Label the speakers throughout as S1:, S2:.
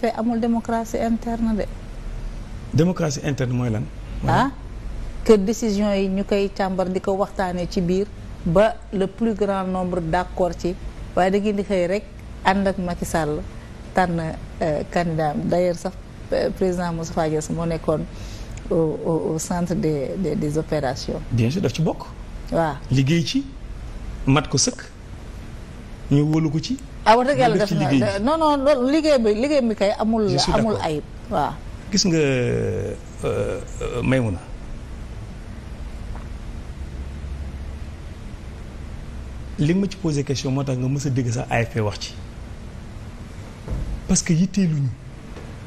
S1: te amul démocratie interne de.
S2: démocratie interne mooy lan.
S1: ah kër décision yi ñu koy càmbar di ko waxtaanee ci biir ba le plus grand nombre d'accord ci waaye da di xëy rek ànd ak Macky Sall tànn euh, candidat d'ailleurs sax euh, président Moustapha Niasse moo nekkoon au au centre des des des opérations.
S2: bien sûr daf ci bokk. waaw liggéey ci mat ko sëkk ñu wóolu ko ci. ah wax yàlla def na
S1: non non loolu liggéey mi liggéey bi kay amul amul ayib waaw
S2: gis nga euh, euh, Maymuna li ma ci posé question moo tax nga mës dégg sax AFP wax ci parce que ñu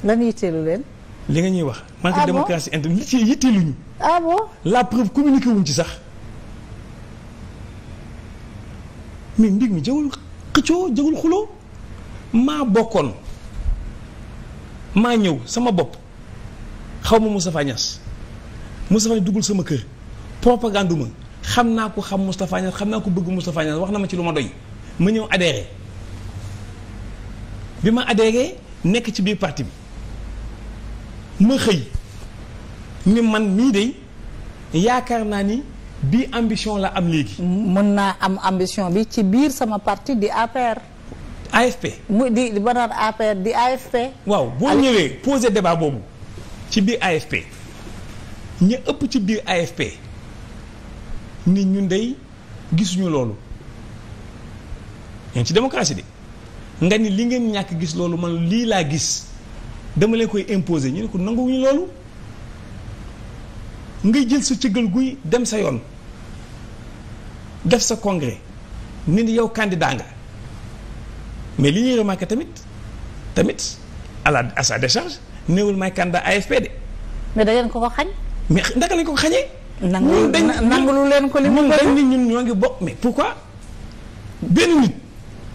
S1: lan yitteelu leen
S2: li nga ñuy wax ah manque de démocratie interne li ci yitteeluñu ah bon la preuve communiqué wuñ ci sax mais mbir mi jëwul xëccoo jëgul xuloo maa bokkoon maa ñëw sama bopp xaw ma Moustapha Niass Moustapha Niass duggul sama kër propagande ma xam naa ko xam Moustapha Niass xam naa ko bëgg Moustapha Niass wax na ma ci lu ma doy ma ñëw adhéré bi ma adhéré nekk ci biir parti bi ma xëy ni man mii de yaakaar naa ni bii ambition la am léegi. mën naa am ambition bi
S1: ci biir sama parti di APR. AFP mu di ba naan APR di AFP.
S2: waaw boo ñëwee poser débat boobu ci biir AFP ña ëpp ci biir AFP nit ñu dey gisuñu loolu ñun ci démocratie de nga ni li ngeen ñàkk gis loolu man lii laa gis dama leen koy imposer ñu ne ko nanguwuñu loolu. ngay jël su cëggal guy dem sa yoon def sa congrès ni yow candidat nga mais li ñuy remarqué tamit tamit à la à sa décharge néewul may candidat AFP de.
S1: mais da ngeen ko ko xañ.
S2: mais naka lañ ko ko xañee. nangu nangu leen ko li mu dañ ni ñun ñoo ngi bokk mais pourquoi benn nit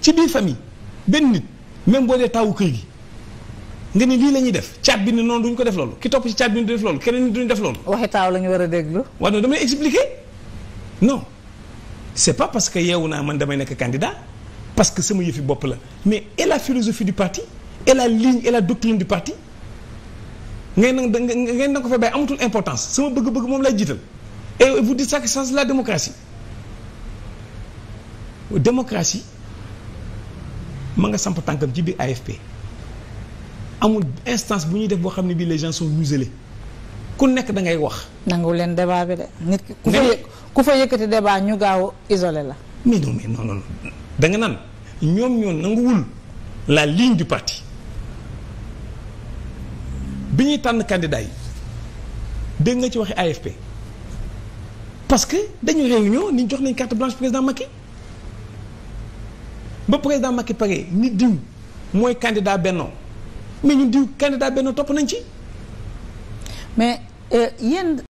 S2: ci biir famille benn nit même boo dee taawu kër gi nga ni lii la ñuy def caat bi ni noonu duñ ko def loolu ki topp ci caat bi ni du def loolu keneen ni duñ def loolu.
S1: waxi taaw la war
S2: a déglu. waaw non damay expliquer non. c'est pas parce que yeewu naa man damay nekk candidat parce que sama yëfi bopp la mais et la philosophie du parti et la ligne et la doctrine du parti ngay na ngay na ko fa bàyyi amatul importance sama bëgg-bëgg moom lay jiital et vous dites ça que c'est la démocratie démocratie ma nga samp tànkam ci biir AFP amul instance bu ñuy def boo xam ne bii les gens sont muselés ku nekk da ngay wax.
S1: nangu leen débat bi de. nit ku fa ku fa yëkkati débat ñu gaaw isolé la.
S2: mais non mais non non da nga naan ñoom ñoo nanguwul la ligne du parti bi ñuy tànn candidat yi dégg nga ci waxi AFP parce que dañu réunion ni jox nañ carte blanche président Macky ba président Macky pare ni diw mooy candidat Benno mais ñu diw candidat Benno topp nañ ci
S1: yéen e,